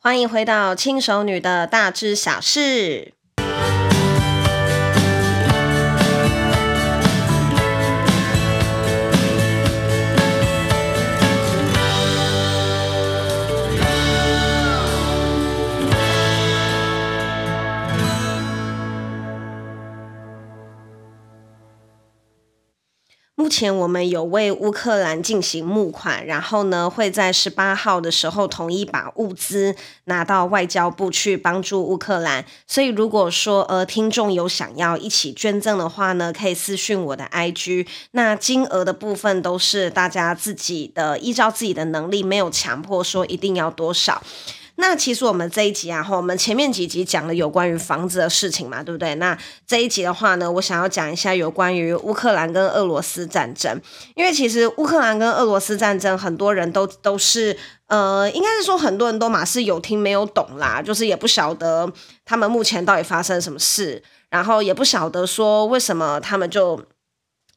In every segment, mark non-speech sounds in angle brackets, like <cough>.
歡迎回到《輕熟女的大知小事》。目前我們有為烏克蘭進行募款，然後呢會在十八號的時候統一把物資拿到外交部去幫助烏克蘭。所以如果說呃聽眾有想要一起捐贈的話呢，可以私訊我的 IG。那金額的部分都是大家自己的，依照自己的能力，沒有強迫說一定要多少。那其實我們這一集啊，哈，我們前面幾集講了有關於房子的事情嘛，對不對？那這一集的話呢，我想要講一下有關於烏克蘭跟俄羅斯戰爭，因為其實烏克蘭跟俄羅斯戰爭，很多人都都是，呃，應該是說很多人都嘛是有聽沒有懂啦，就是也不曉得他們目前到底發生什麼事，然後也不曉得說為什麼他們就。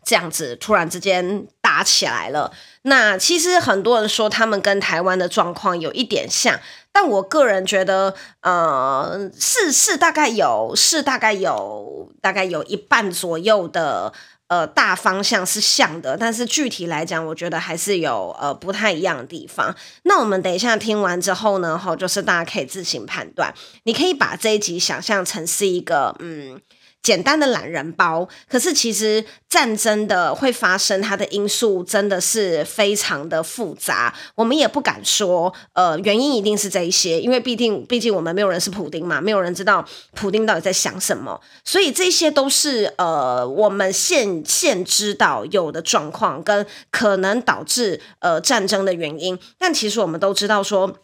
這樣子突然之間打起來了，那其實很多人說他們跟台灣的狀況有一點像，但我個人覺得，呃，是是大概有是大概有大概有一半左右的呃大方向是像的，但是具體來講，我覺得還是有呃不太一樣的地方。那我們等一下聽完之後呢，吼，就是大家可以自行判斷，你可以把這一集想象成是一個嗯。簡單的懶人包，可是其實戰爭的會發生，它的因素真的是非常的複雜，我們也不敢說，呃，原因一定是這一些，因為畢竟畢竟我們沒有人是普丁嘛，沒有人知道普丁到底在想什麼，所以這些都是呃我們現現知道有的狀況跟可能導致呃戰爭的原因，但其實我們都知道說。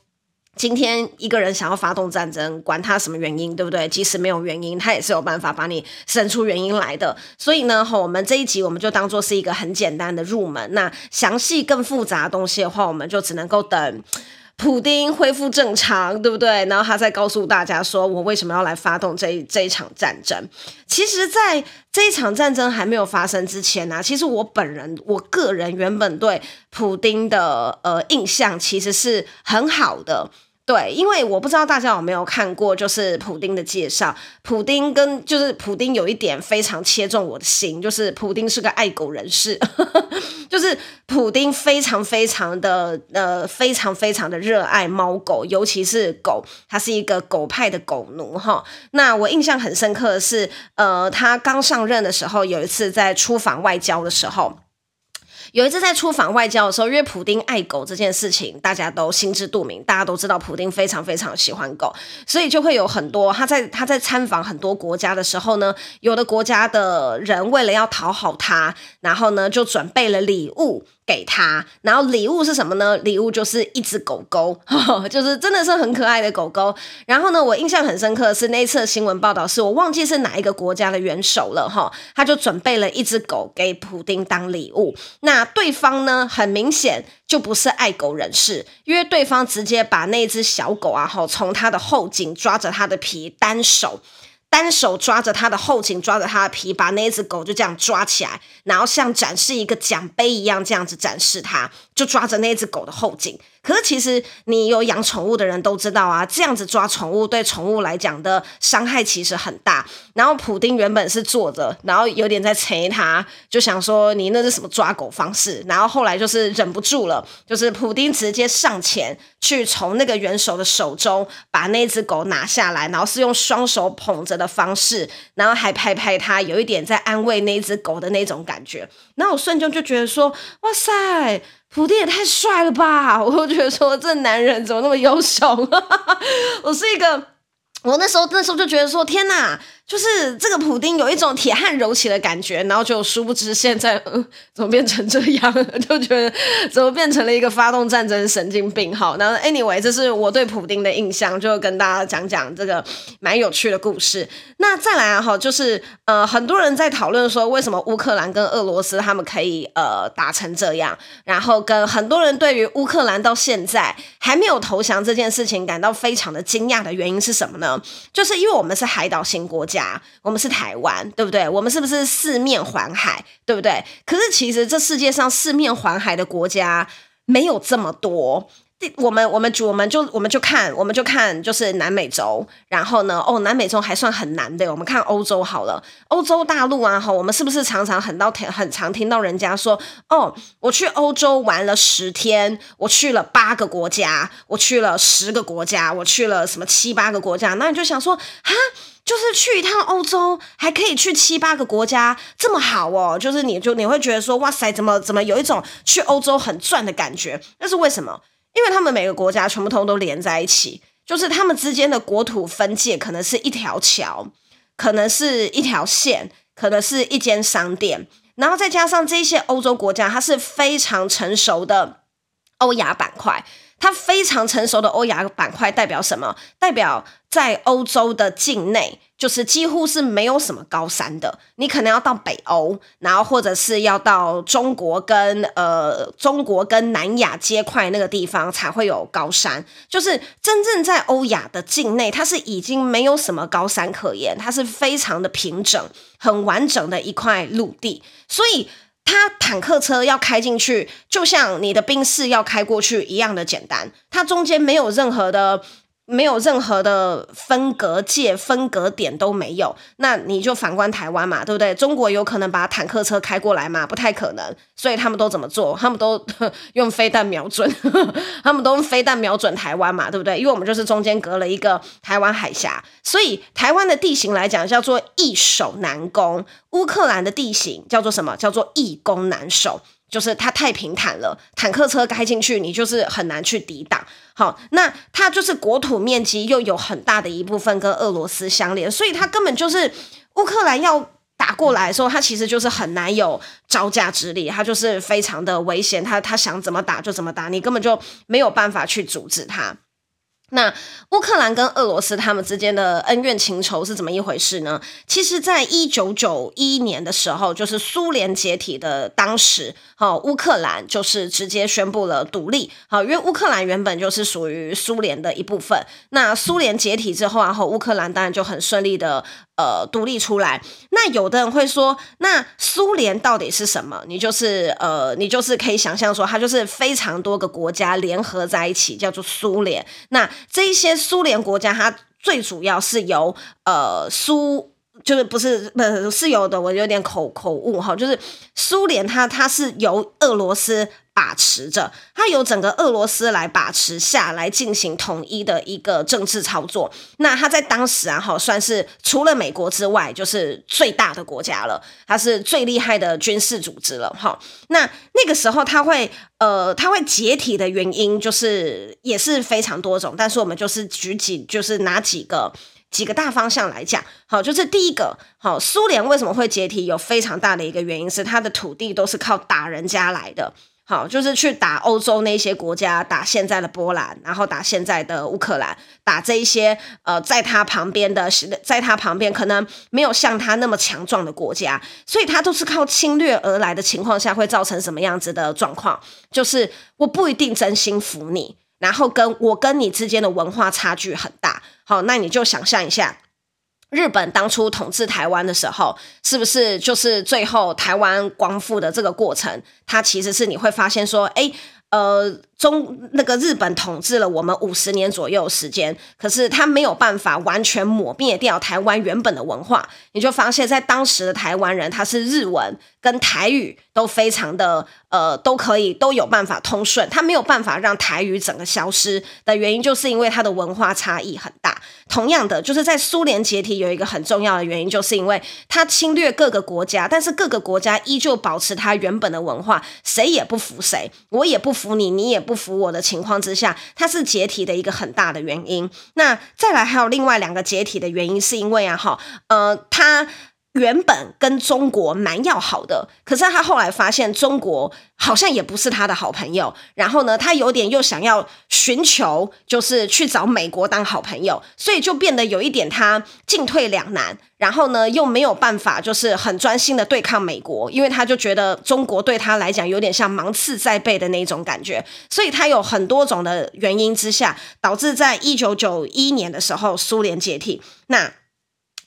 今天一個人想要發動戰爭，管他什麼原因，對不對？即使沒有原因，他也是有辦法把你生出原因來的。所以呢，我們這一集我們就當做是一個很簡單的入門。那詳細更複雜的東西的話，我們就只能夠等普丁恢復正常，對不對？然後他再告訴大家說我為什麼要來發動這這一場戰爭。其實，在這一場戰爭還沒有發生之前呢，啊，其實我本人我個人原本對普丁的呃印象其實是很好的。對，因為我不知道大家有沒有看過，就是普丁的介紹。普丁跟就是普丁有一點非常切中我的心，就是普丁是個愛狗人士， <laughs> 就是普丁非常非常的呃，非常非常的熱愛貓狗，尤其是狗，他是一個狗派的狗奴哈。那我印象很深刻的是，呃，他剛上任的時候，有一次在出訪外交的時候。有一次在出訪外交的時候，因為普丁愛狗這件事情，大家都心知肚明，大家都知道普丁非常非常喜歡狗，所以就會有很多，他在，他在參訪很多國家的時候呢，有的國家的人為了要討好他，然後呢，就準備了禮物。給他，然後禮物是什麼呢？禮物就是一隻狗狗呵呵，就是真的是很可愛的狗狗。然後呢，我印象很深刻的是那一次的新聞報道，是我忘記是哪一個國家的元首了哈，他就準備了一隻狗給普丁當禮物。那對方呢，很明顯就不是愛狗人士，因為對方直接把那隻小狗啊，哈，從他的後頸抓着他的皮，單手。單手抓着它的後頸，抓着它的皮，把那一隻狗就這樣抓起來，然後像展示一個獎杯一樣，這樣子展示它，就抓着那隻狗的後頸。可是其實你有養寵物的人都知道啊，這樣子抓寵物對寵物來講的傷害其實很大。然後普丁原本是坐着，然後有點在捶他，就想說你那是什麼抓狗方式。然後後來就是忍不住了，就是普丁直接上前去從那個元首的手中把那隻狗拿下來，然後是用雙手捧着的方式，然後還拍拍他，有一點在安慰那隻狗的那種感覺。然後我瞬間就覺得說，哇塞！徒弟也太帥了吧！我就覺得說這男人怎麼那麼優秀？ <laughs> 我是一個，我那時候那時候就覺得說，天哪！就是這個普丁有一種鐵漢柔情的感覺，然後就殊不知現在嗯、呃、怎麼變成這樣，就覺得怎麼變成了一個發動戰爭神經病。好，那 anyway，這是我對普丁的印象，就跟大家講講這個蠻有趣的故事。那再來哈、啊，就是呃很多人在討論說，為什麼烏克蘭跟俄羅斯他們可以呃打成這樣，然後跟很多人對於烏克蘭到現在還沒有投降這件事情感到非常的驚訝的原因是什麼呢？就是因為我們是海島型國家。家，我們是台灣，對不對？我們是不是四面環海，對不對？可是其實這世界上四面環海的國家沒有這麼多。我們我們我們就我們就看我們就看就是南美洲，然後呢，哦，南美洲還算很難的。我們看歐洲好了，歐洲大陸啊，我們是不是常常很到很常聽到人家說，哦，我去歐洲玩了十天，我去了八個國家，我去了十個國家，我去了什麼七八個國家？那你就想說，哈！就是去一趟歐洲，還可以去七八個國家，這麼好哦！就是你就你會覺得說，哇塞，怎麼怎麼有一種去歐洲很賺的感覺？那是為什麼？因為他們每個國家全部通都連在一起，就是他們之間的國土分界可能是一條橋，可能是一條線，可能是一間商店，然後再加上這些歐洲國家，它是非常成熟的歐亞板塊。它非常成熟的歐亞板塊代表什麼？代表在歐洲的境內，就是幾乎是沒有什麼高山的。你可能要到北歐，然後或者是要到中國跟呃中國跟南亞接塊那個地方才會有高山。就是真正在歐亞的境內，它是已經沒有什麼高山可言，它是非常的平整、很完整的一塊陸地，所以。他坦克車要開進去，就像你的賓士要開過去一樣的簡單。它中間沒有任何的。沒有任何的分隔界，分隔點都沒有，那你就反觀台灣嘛，對不對？中國有可能把坦克車開過來嗎？不太可能，所以他們都怎麼做？他們都用飛彈瞄準呵呵，他們都用飛彈瞄準台灣嘛，對不對？因為我們就是中間隔了一個台灣海峽，所以台灣的地形來講叫做易守難攻，烏克蘭的地形叫做什麼？叫做易攻難守。就是它太平坦了，坦克車開進去，你就是很難去抵擋。好，那它就是國土面積又有很大的一部分跟俄羅斯相連，所以它根本就是烏克蘭要打過來的時候，它其實就是很難有招架之力，它就是非常的危險。它它想怎麼打就怎麼打，你根本就沒有辦法去阻止它。那烏克蘭跟俄羅斯他們之間的恩怨情仇是怎麼一回事呢？其實，在一九九一年的時候，就是蘇聯解體的當時，好，烏克蘭就是直接宣布了獨立，好，因為烏克蘭原本就是屬於蘇聯的一部分。那蘇聯解體之後，啊，然後烏克蘭當然就很順利的。呃，獨立出來。那有的人會說，那蘇聯到底是什麼？你就是呃，你就是可以想象說，它就是非常多個國家聯合在一起，叫做蘇聯。那這一些蘇聯國家，它最主要是由呃蘇，就是不是不是，嗯、是有的，我有點口口誤哈，就是蘇聯它，它它是由俄羅斯。把持着，它由整個俄羅斯來把持下來進行統一的一個政治操作。那它在當時啊，好算是除了美國之外，就是最大的國家了。它是最厲害的軍事組織了，哈。那那個時候他，它會呃，它會解體的原因，就是也是非常多種。但是我們就是舉幾，就是拿幾個幾個大方向來講，好，就是第一個，好，蘇聯為什麼會解體，有非常大的一個原因是它的土地都是靠打人家來的。好，就是去打歐洲那些國家，打現在的波蘭，然後打現在的烏克蘭，打這一些呃，在他旁邊的，在他旁邊可能沒有像他那麼強壯的國家，所以他都是靠侵略而來的情況下，會造成什麼樣子的狀況？就是我不一定真心服你，然後跟我跟你之間的文化差距很大。好，那你就想象一下。日本當初統治台灣的時候，是不是就是最後台灣光復的這個過程？它其實是你會發現說，誒。呃，中那個日本統治了我們五十年左右的時間，可是他沒有辦法完全抹滅掉台灣原本的文化。你就發現，在當時的台灣人，他是日文跟台語都非常的呃都可以都有辦法通順，他沒有辦法讓台語整個消失的原因，就是因為他的文化差異很大。同樣的，就是在蘇聯解體有一個很重要的原因，就是因為他侵略各個國家，但是各個國家依舊保持他原本的文化，誰也不服誰，我也不服服你，你也不服我的情況之下，它是解體的一個很大的原因。那再來還有另外兩個解體的原因，是因為啊，哈，呃，他。原本跟中國蠻要好的，可是他後來發現中國好像也不是他的好朋友。然後呢，他有點又想要尋求，就是去找美國當好朋友，所以就變得有一點他進退兩難。然後呢，又沒有辦法，就是很專心的對抗美國，因為他就覺得中國對他來講有點像芒刺在背的那種感覺。所以他有很多種的原因之下，導致在一九九一年的時候，蘇聯解體。那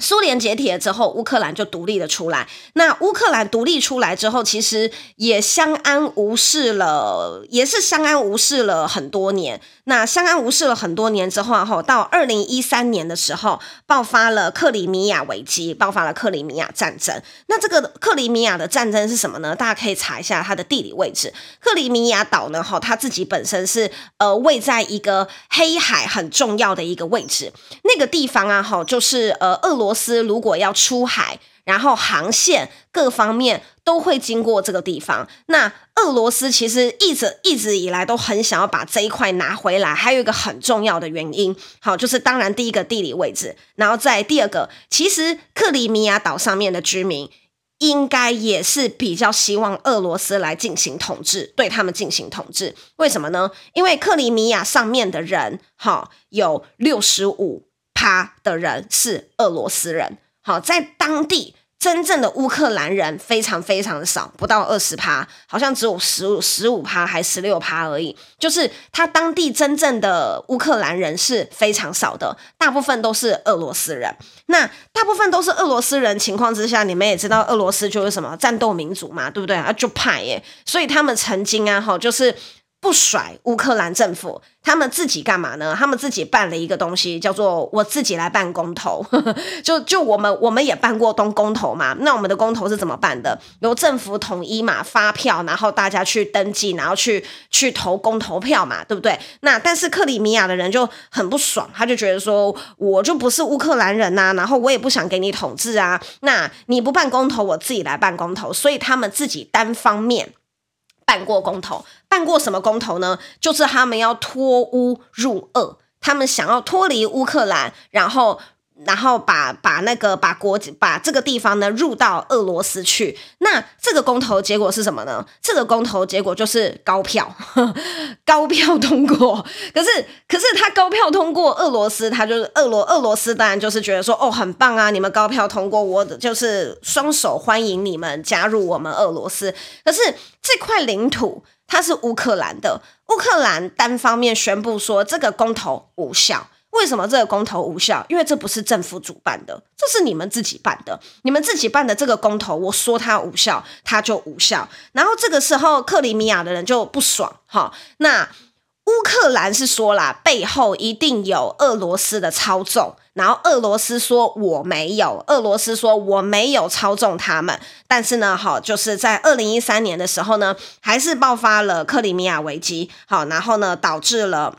蘇聯解體了之後，烏克蘭就獨立了出來。那烏克蘭獨立出來之後，其實也相安無事了，也是相安無事了很多年。那相安無事了很多年之後，哈，到二零一三年的時候，爆發了克里米亞危機，爆發了克里米亞戰爭。那這個克里米亞的戰爭是什麼呢？大家可以查一下它的地理位置。克里米亞島呢，哈，它自己本身是呃位在一個黑海很重要的一個位置。那個地方啊，哈，就是呃，俄羅羅斯如果要出海，然後航線各方面都會經過這個地方。那俄羅斯其實一直一直以來都很想要把這一塊拿回來。還有一個很重要的原因，好，就是當然第一個地理位置，然後在第二個，其實克里米亞島上面的居民應該也是比較希望俄羅斯來進行統治，對他們進行統治。為什麼呢？因為克里米亞上面的人，哈，有六十五。趴的人是俄羅斯人，好，在當地真正的烏克蘭人非常非常少，不到二十趴，好像只有十五十五趴，還十六趴而已。就是他當地真正的烏克蘭人是非常少的，大部分都是俄羅斯人。那大部分都是俄羅斯人情況之下，你們也知道俄羅斯就是什麼戰鬥民族嘛，對不對啊？就派耶，所以他們曾經啊，哈，就是。不甩烏克蘭政府，他們自己幹嘛呢？他們自己辦了一個東西，叫做“我自己來辦公投”呵呵。就就我們我們也辦過東公投嘛，那我們的公投是怎麼辦的？由政府統一嘛，發票，然後大家去登記，然後去去投公投票嘛，對不對？那但是克里米亞的人就很不爽，他就覺得說，我就不是烏克蘭人吶、啊，然後我也不想給你統治啊，那你不辦公投，我自己來辦公投，所以他們自己單方面。辦過公投，辦過什麼公投呢？就是他們要脫烏入俄，他們想要脫離烏克蘭，然後。然後把把那個把國把這個地方呢入到俄羅斯去，那這個公投結果是什麼呢？這個公投結果就是高票，呵高票通過。可是可是他高票通過俄羅斯，他就是俄羅俄羅斯當然就是覺得說哦很棒啊，你們高票通過，我的就是雙手歡迎你們加入我們俄羅斯。可是這塊領土它是烏克蘭的，烏克蘭單方面宣布說這個公投無效。為什麼這個公投無效？因為這不是政府主辦的，這是你們自己辦的。你們自己辦的這個公投，我說它無效，它就無效。然後這個時候，克里米亞的人就不爽，哈。那烏克蘭是說啦，背後一定有俄羅斯的操縱。然後俄羅斯說我沒有，俄羅斯說我沒有操縱他們。但是呢，哈，就是在二零一三年的時候呢，還是爆發了克里米亞危機，好，然後呢，導致了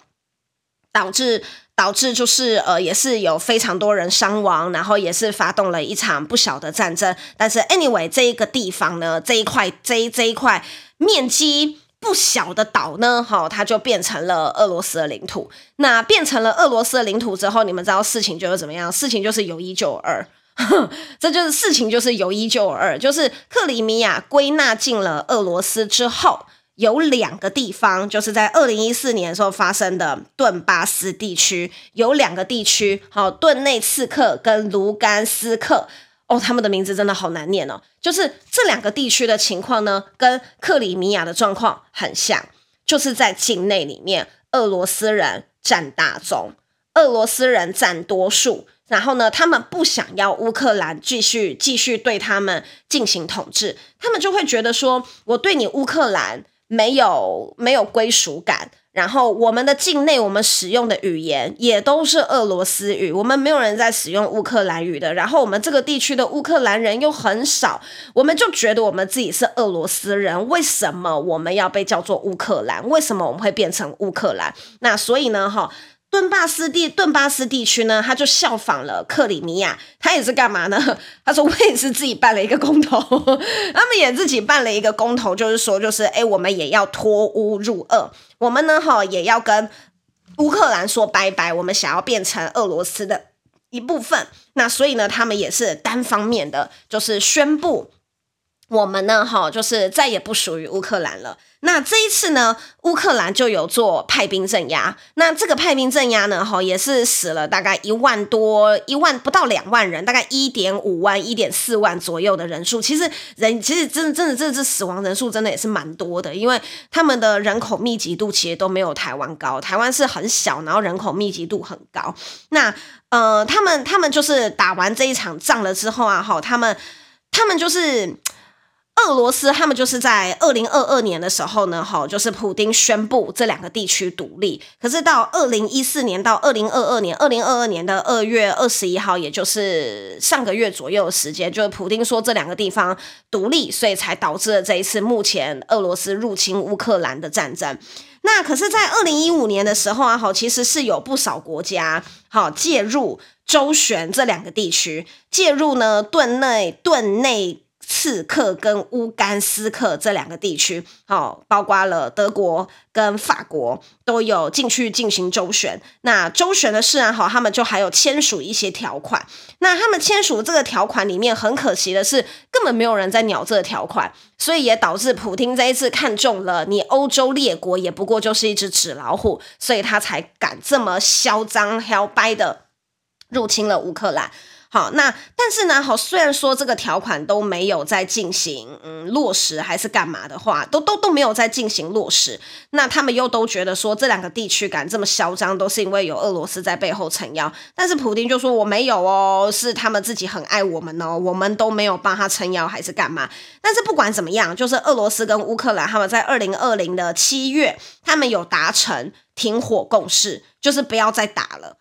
導致。導致就是呃，也是有非常多人傷亡，然後也是發動了一場不小的戰爭。但是 anyway 這一個地方呢，這一塊這一這一塊面積不小的島呢，哈、哦，它就變成了俄羅斯的領土。那變成了俄羅斯的領土之後，你們知道事情就是怎麼樣？事情就是有一就二，哼，這就是事情就是有一就二，就是克里米亞歸納進了俄羅斯之後。有兩個地方，就是在二零一四年的時候發生的頓巴斯地區，有兩個地區，好，頓內茨克跟盧甘斯克，哦，他們的名字真的好難念哦。就是這兩個地區的情況呢，跟克里米亞的狀況很像，就是在境內裡面，俄羅斯人佔大宗，俄羅斯人佔多數，然後呢，他們不想要烏克蘭繼續繼續對他們進行統治，他們就會覺得說，我對你烏克蘭。沒有沒有歸屬感，然後我們的境內，我們使用的語言也都是俄羅斯語，我們沒有人在使用烏克蘭語的。然後我們這個地區的烏克蘭人又很少，我們就覺得我們自己是俄羅斯人。為什麼我們要被叫做烏克蘭？為什麼我們會變成烏克蘭？那所以呢，齁。頓巴斯地頓巴斯地區呢，他就效仿了克里米亞，他也是幹嘛呢？他說我也是自己辦了一個公投，他們也自己辦了一個公投，就是說，就是誒，我們也要脫烏入俄，我們呢哈也要跟烏克蘭說拜拜，我們想要變成俄羅斯的一部分。那所以呢，他們也是單方面的，就是宣布。我們呢，哈，就是再也不屬於烏克蘭了。那這一次呢，烏克蘭就有做派兵鎮壓。那這個派兵鎮壓呢，哈，也是死了大概一萬多、一萬不到兩萬人，大概一點五萬、一點四萬左右的人數。其實人，其實真的真的，這這死亡人數真的也是蠻多的，因為他們的人口密集度其實都沒有台灣高。台灣是很小，然後人口密集度很高。那呃，他們他們就是打完這一場仗了之後啊，哈，他們他們就是。俄羅斯他們就是在二零二二年的時候呢，哈，就是普丁宣布這兩個地區獨立。可是到二零一四年到二零二二年，二零二二年的二月二十一號，也就是上個月左右的時間，就是、普丁說這兩個地方獨立，所以才導致了這一次目前俄羅斯入侵烏克蘭的戰爭。那可是，在二零一五年的時候啊，哈，其實是有不少國家好介入周旋這兩個地區，介入呢，頓內頓內。頓內刺客跟烏干斯克這兩個地區，哦、包括了德國跟法國都有進去進行周旋。那周旋的事、啊、然、哦、好，他們就還有簽署一些條款。那他們簽署這個條款裡面，很可惜的是，根本沒有人在鳥這個條款，所以也導致普丁這一次看中了你歐洲列國，也不過就是一隻紙老虎，所以他才敢這麼囂張、囂掰的入侵了烏克蘭。好，那但是呢，好，雖然說這個條款都沒有在進行嗯落實，還是幹嘛的話，都都都沒有在進行落實。那他們又都覺得說這兩個地區敢這麼囂張，都是因為有俄羅斯在背後撐腰。但是普丁就說，我沒有哦，是他們自己很愛我們哦，我們都沒有幫他撐腰還是幹嘛？但是不管怎麼樣，就是俄羅斯跟烏克蘭他們在二零二零的七月，他們有達成停火共識，就是不要再打了。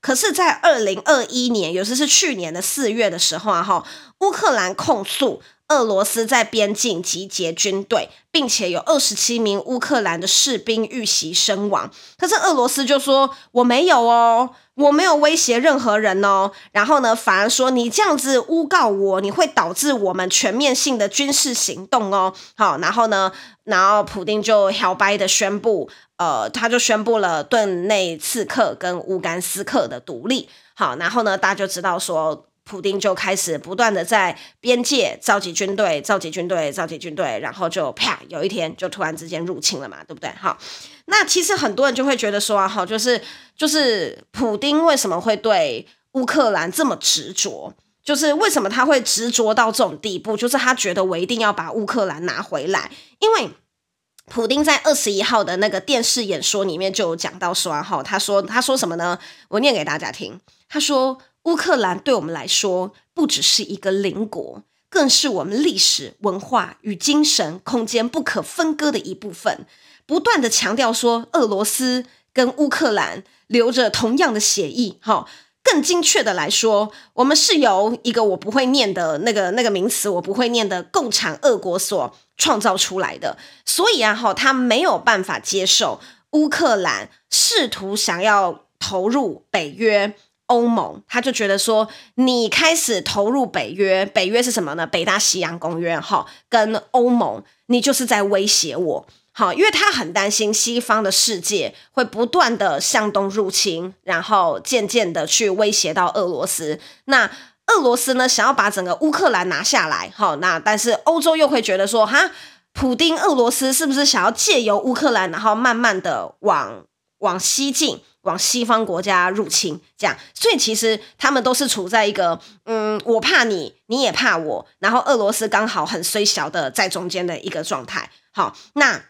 可是，在二零二一年，尤其是去年的四月的時候啊，哈，烏克蘭控訴俄羅斯在邊境集結軍隊，並且有二十七名烏克蘭的士兵遇襲身亡。可是，俄羅斯就說我沒有哦，我沒有威脅任何人哦。然後呢，反而說你這樣子誣告我，你會導致我們全面性的軍事行動哦。好，然後呢，然後普丁就豪掰的宣布。呃，他就宣布了頓涅茨克跟烏干斯克的獨立。好，然後呢，大家就知道說，普丁就開始不斷的在邊界召集軍隊，召集軍隊，召集軍隊，然後就啪，有一天就突然之間入侵了嘛，對不對？好，那其實很多人就會覺得說，好，就是就是普丁為什麼會對烏克蘭這麼執着？就是為什麼他會執着到這種地步？就是他覺得我一定要把烏克蘭拿回來，因為。普丁在二十一號的那個電視演說裡面就有講到說哈、啊，他說他說什麼呢？我念給大家聽，他說烏克蘭對我們來說不只是一個鄰國，更是我們歷史、文化與精神空間不可分割的一部分。不斷地強調說，俄羅斯跟烏克蘭流著同樣的血液哈。更精確的來說，我們是由一個我不會念的那個那個名詞，我不會念的“共產俄國”所創造出來的。所以啊，哈，他沒有辦法接受烏克蘭試圖想要投入北約、歐盟，他就覺得說，你開始投入北約，北約是什麼呢？北大西洋公約，哈，跟歐盟，你就是在威脅我。好，因為他很擔心西方的世界會不斷的向東入侵，然後漸漸的去威脅到俄羅斯。那俄羅斯呢，想要把整個烏克蘭拿下來。好，那但是歐洲又會覺得說，哈，普丁俄羅斯是不是想要借由烏克蘭，然後慢慢的往往西進，往西方國家入侵？這樣，所以其實他們都是處在一個，嗯，我怕你，你也怕我，然後俄羅斯剛好很衰小的在中間的一個狀態。好，那。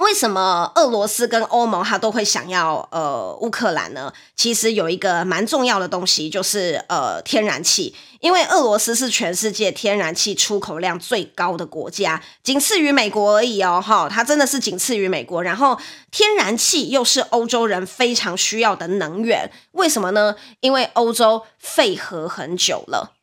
為什麼俄羅斯跟歐盟它都會想要呃烏克蘭呢？其實有一個蠻重要的東西，就是呃天然氣。因為俄羅斯是全世界天然氣出口量最高的國家，僅次於美國而已哦。哈，它真的是僅次於美國。然後天然氣又是歐洲人非常需要的能源。為什麼呢？因為歐洲廢核很久了。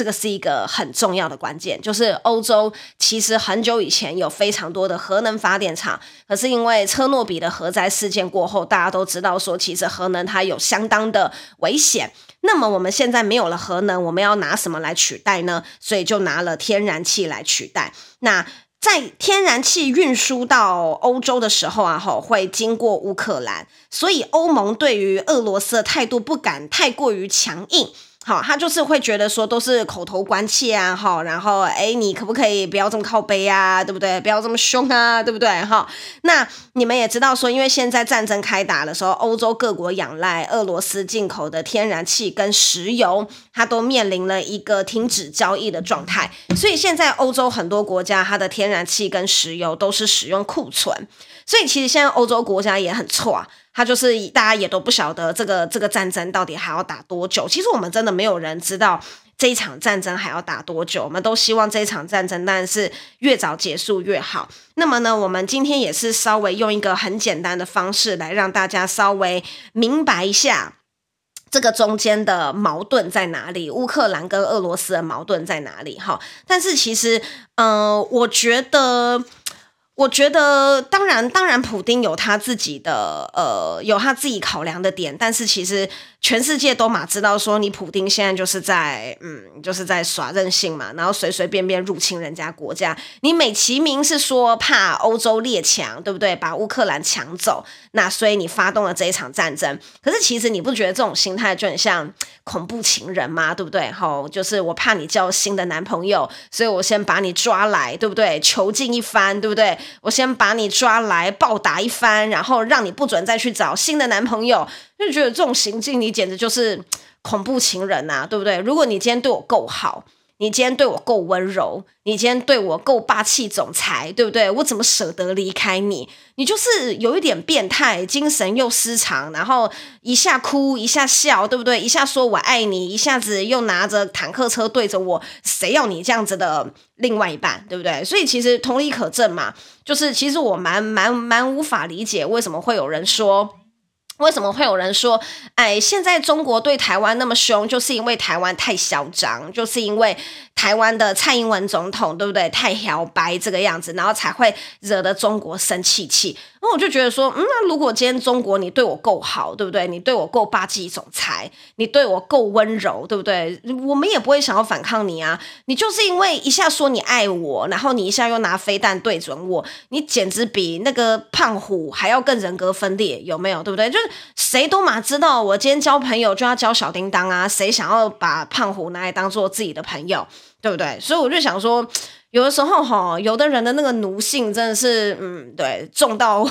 這個是一個很重要的關鍵，就是歐洲其實很久以前有非常多的核能發電廠，可是因為車諾比的核災事件過後，大家都知道說，其實核能它有相當的危險。那麼我們現在沒有了核能，我們要拿什麼來取代呢？所以就拿了天然氣來取代。那在天然氣運輸到歐洲的時候啊，吼會經過烏克蘭，所以歐盟對於俄羅斯的態度不敢太過於強硬。好、哦，他就是會覺得說都是口頭關切啊，好，然後誒，你可不可以不要這麼靠杯啊，對不對？不要這麼凶啊，對不對？哈、哦，那你們也知道說，因為現在戰爭開打的時候，歐洲各國仰賴俄羅斯進口的天然氣跟石油，它都面臨了一個停止交易的狀態，所以現在歐洲很多國家它的天然氣跟石油都是使用庫存，所以其實現在歐洲國家也很錯啊。他就是大家也都不曉得這個這個戰爭到底還要打多久。其實我們真的沒有人知道這一場戰爭還要打多久。我們都希望這一場戰爭當然是越早結束越好。那麼呢，我們今天也是稍微用一個很簡單的方式來讓大家稍微明白一下這個中間的矛盾在哪裡，烏克蘭跟俄羅斯的矛盾在哪裡。哈，但是其實，嗯、呃，我覺得。我覺得，當然，當然，普丁有他自己的，呃，有他自己考量的點。但是，其實全世界都嘛知道，說你普丁現在就是在，嗯，就是在耍任性嘛，然後隨隨便便入侵人家國家。你美其名是說怕歐洲列強，對不對？把烏克蘭搶走，那所以你發動了這一場戰爭。可是，其實你不覺得這種心態就很像恐怖情人嘛，對不對？吼，就是我怕你交新的男朋友，所以我先把你抓來，對不對？囚禁一番，對不對？我先把你抓來暴打一番，然後讓你不准再去找新的男朋友，就覺得這種行徑你簡直就是恐怖情人吶、啊，對不對？如果你今天對我夠好。你今天對我夠溫柔，你今天對我夠霸氣總裁，對不對？我怎麼捨得離開你？你就是有一點變態，精神又失常，然後一下哭一下笑，對不對？一下說我愛你，一下子又拿着坦克車對着我，誰要你這樣子的另外一半，對不對？所以其實同理可證嘛，就是其實我蠻蠻蠻無法理解，為什麼會有人說。為什麼會有人說，哎，現在中國對台灣那麼凶，就是因為台灣太囂張，就是因為台灣的蔡英文總統，對不對？太小白這個樣子，然後才會惹得中國生氣氣。那我就覺得說，嗯，那如果今天中國你對我夠好，對不對？你對我夠霸氣總裁，你對我夠溫柔，對不對？我們也不會想要反抗你啊。你就是因為一下說你愛我，然後你一下又拿飛彈對準我，你簡直比那個胖虎還要更人格分裂，有沒有？對不對？就是。誰都嘛知道，我今天交朋友就要交小叮噹啊！誰想要把胖虎拿來當做自己的朋友，對不對？所以我就想說，有的時候哈，有的人的那個奴性真的是，嗯，對，重到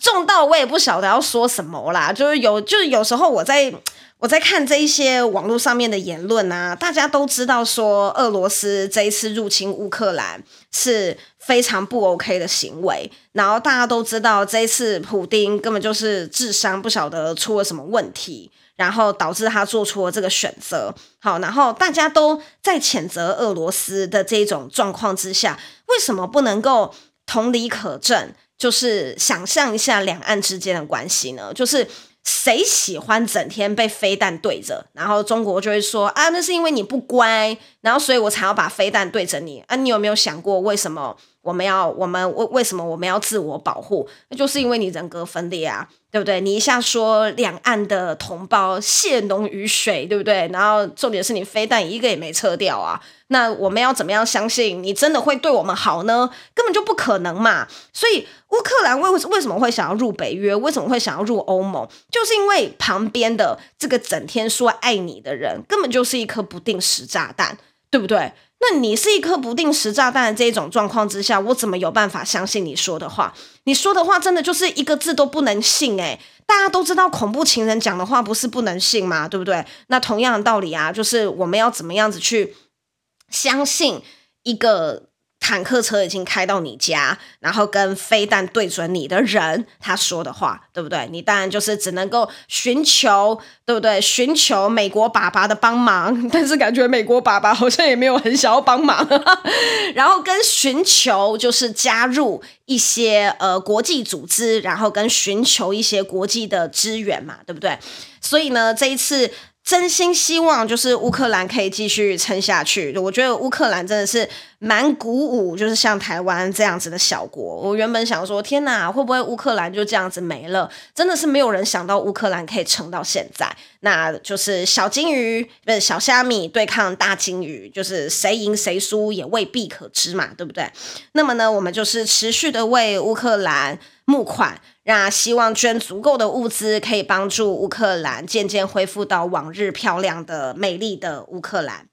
重到，我也不曉得要說什麼啦。就是有，就是有時候我在。我在看這一些網絡上面的言論啊，大家都知道說，俄羅斯這一次入侵烏克蘭是非常不 OK 的行為，然後大家都知道這一次普丁根本就是智商不曉得出了什麼問題，然後導致他做出了這個選擇。好，然後大家都在譴責俄羅斯的這種狀況之下，為什麼不能夠同理可證？就是想象一下兩岸之間的關係呢？就是。誰喜歡整天被飛彈對着？然後中國就會說啊，那是因為你不乖，然後所以我才要把飛彈對着你啊。你有沒有想過為什麼？我們要我們為為什麼我們要自我保護？那就是因為你人格分裂啊，對不對？你一下說兩岸的同胞血濃於水，對不對？然後重點是你飛彈一個也沒撤掉啊，那我們要怎麼樣相信你真的會對我們好呢？根本就不可能嘛！所以烏克蘭為為什麼會想要入北約？為什麼會想要入歐盟？就是因為旁邊的這個整天說愛你的人，根本就是一顆不定時炸彈，對不對？那你是一顆不定時炸彈的這一種狀況之下，我怎麼有辦法相信你說的話？你說的話真的就是一個字都不能信哎！大家都知道恐怖情人講的話不是不能信嗎？對不對？那同樣的道理啊，就是我們要怎麼樣子去相信一個坦克車已經開到你家，然後跟飛彈對準你的人，他說的話，對不對？你當然就是只能夠尋求，對不對？尋求美國爸爸的幫忙，但是感覺美國爸爸好像也沒有很想要幫忙。 <laughs> 然後跟尋求就是加入一些呃國際組織，然後跟尋求一些國際的資源嘛，對不對？所以呢，這一次。真心希望就是烏克蘭可以繼續撐下去。我覺得烏克蘭真的是蠻鼓舞，就是像台灣這樣子的小國。我原本想說，天哪，會不會烏克蘭就這樣子沒了？真的是沒有人想到烏克蘭可以撐到現在。那就是小鯨魚，不是小蝦米對抗大鯨魚，就是誰贏誰輸也未必可知嘛，對不對？那麼呢，我們就是持續的為烏克蘭。募款，那希望捐足夠的物資，可以幫助烏克蘭漸漸恢復到往日漂亮的、美麗的烏克蘭。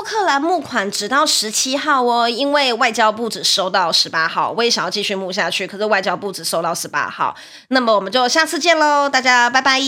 烏克蘭募款只到十七號哦，因為外交部只收到十八號，我也想要繼續募下去，可是外交部只收到十八號，那麼我們就下次見嘍，大家拜拜。